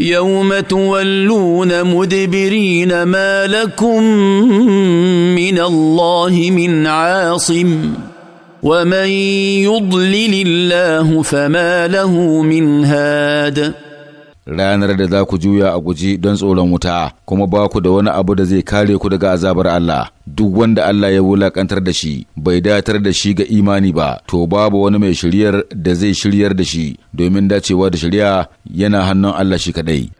يوم تولون مدبرين ما لكم من الله من عاصم ومن يضلل الله فما له من هاد ranar da za ku juya a guji don tsoron wuta kuma ba ku da wani abu da zai kare ku daga azabar Allah duk wanda Allah ya wulakantar da shi bai datar da shi ga imani ba to babu wani mai shiryar da zai shiryar da shi domin dacewa da shari'a yana hannun Allah shi kadai